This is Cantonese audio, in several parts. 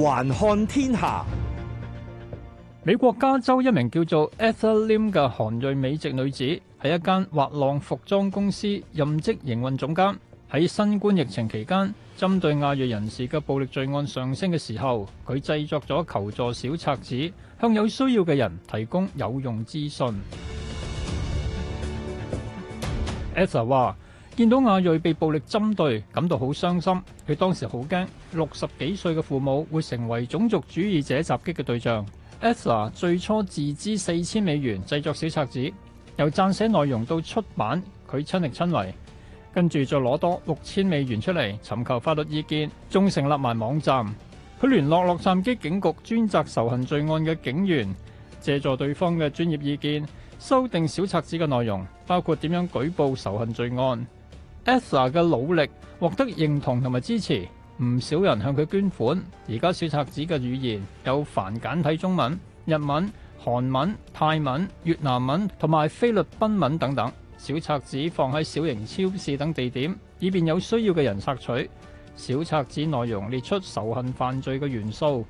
環看天下，美國加州一名叫做 Ethel Lim 嘅韓裔美籍女子，喺一間滑浪服裝公司任職營運總監。喺新冠疫情期間，針對亞裔人士嘅暴力罪案上升嘅時候，佢製作咗求助小冊子，向有需要嘅人提供有用資訊。Ethel 話。 Ethel 見到阿瑞被暴力針對，感到好傷心。佢當時好驚，六十幾歲嘅父母會成為種族主義者襲擊嘅對象。埃 a 最初自資四千美元製作小冊子，由撰寫內容到出版，佢親力親為。跟住再攞多六千美元出嚟，尋求法律意見，仲成立埋網站。佢聯絡洛杉磯警局專責仇恨罪案嘅警員，借助對方嘅專業意見，修訂小冊子嘅內容，包括點樣舉報仇恨罪案。Esa 嘅努力獲得認同同埋支持，唔少人向佢捐款。而家小冊子嘅語言有繁簡體中文、日文、韓文、泰文、越南文同埋菲律賓文等等。小冊子放喺小型超市等地點，以便有需要嘅人索取。小冊子內容列出仇恨犯罪嘅元素，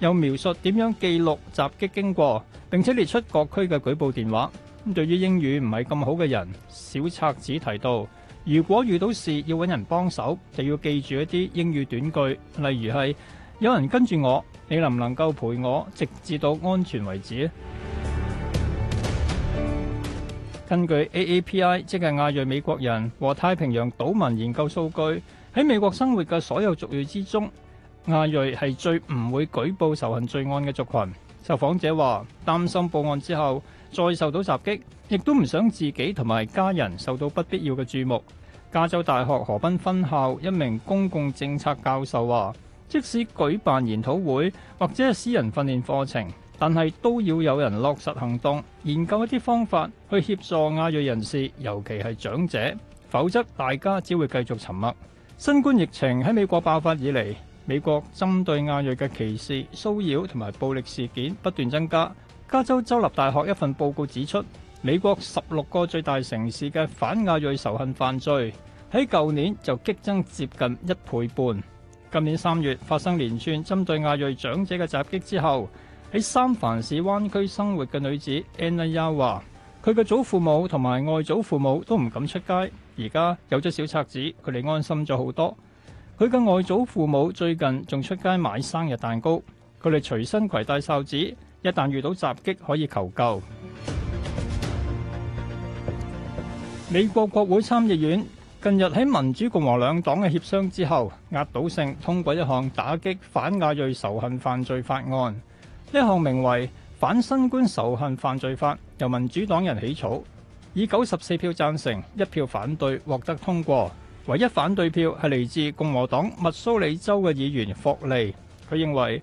又描述點樣記錄襲擊經過，並且列出各區嘅舉報電話。咁對於英語唔係咁好嘅人，小冊子提到。如果遇到事要揾人幫手，就要記住一啲英語短句，例如係有人跟住我，你能唔能夠陪我直至到安全為止？根據 AAPI 即係亞裔美國人和太平洋島民研究數據，喺美國生活嘅所有族裔之中，亞裔係最唔會舉報仇恨罪案嘅族羣。受訪者話：擔心報案之後。再受到襲擊，亦都唔想自己同埋家人受到不必要嘅注目。加州大學河濱分校一名公共政策教授話，即使舉辦研討會或者私人訓練課程，但係都要有人落實行動，研究一啲方法去協助亞裔人士，尤其係長者，否則大家只會繼續沉默。新冠疫情喺美國爆發以嚟，美國針對亞裔嘅歧視、騷擾同埋暴力事件不斷增加。加州州立大學一份報告指出，美國十六個最大城市嘅反亞裔仇恨犯罪喺舊年就激增接近一倍半。今年三月發生連串針對亞裔長者嘅襲擊之後，喺三藩市灣區生活嘅女子 Anna 話，佢嘅祖父母同埋外祖父母都唔敢出街，而家有咗小冊子，佢哋安心咗好多。佢嘅外祖父母最近仲出街買生日蛋糕，佢哋隨身攜帶哨子。一旦遇到襲擊，可以求救。美國國會參議院近日喺民主共和兩黨嘅協商之後，壓倒性通過一項打擊反亞裔仇恨犯罪法案。呢項名為《反新冠仇恨犯罪法》，由民主黨人起草，以九十四票贊成、一票反對獲得通過。唯一反對票係嚟自共和黨密蘇里州嘅議員霍利，佢認為，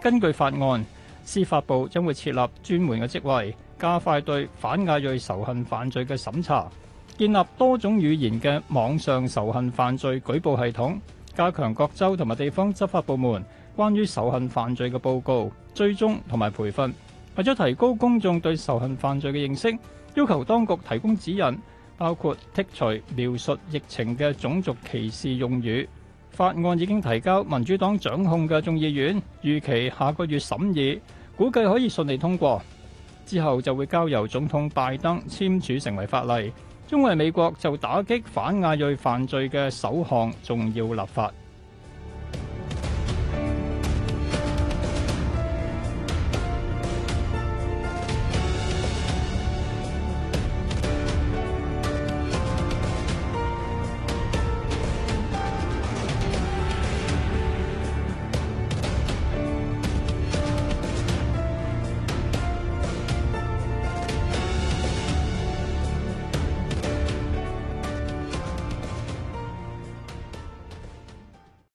根據法案，司法部將會設立專門嘅職位，加快對反亞裔仇恨犯罪嘅審查，建立多種語言嘅網上仇恨犯罪舉報系統，加強各州同埋地方執法部門關於仇恨犯罪嘅報告追蹤同埋培訓，為咗提高公眾對仇恨犯罪嘅認識，要求當局提供指引，包括剔除描述疫情嘅種族歧視用語。法案已經提交民主黨掌控嘅眾議院，預期下個月審議，估計可以順利通過，之後就會交由總統拜登簽署成為法例，將為美國就打擊反亞裔犯罪嘅首項重要立法。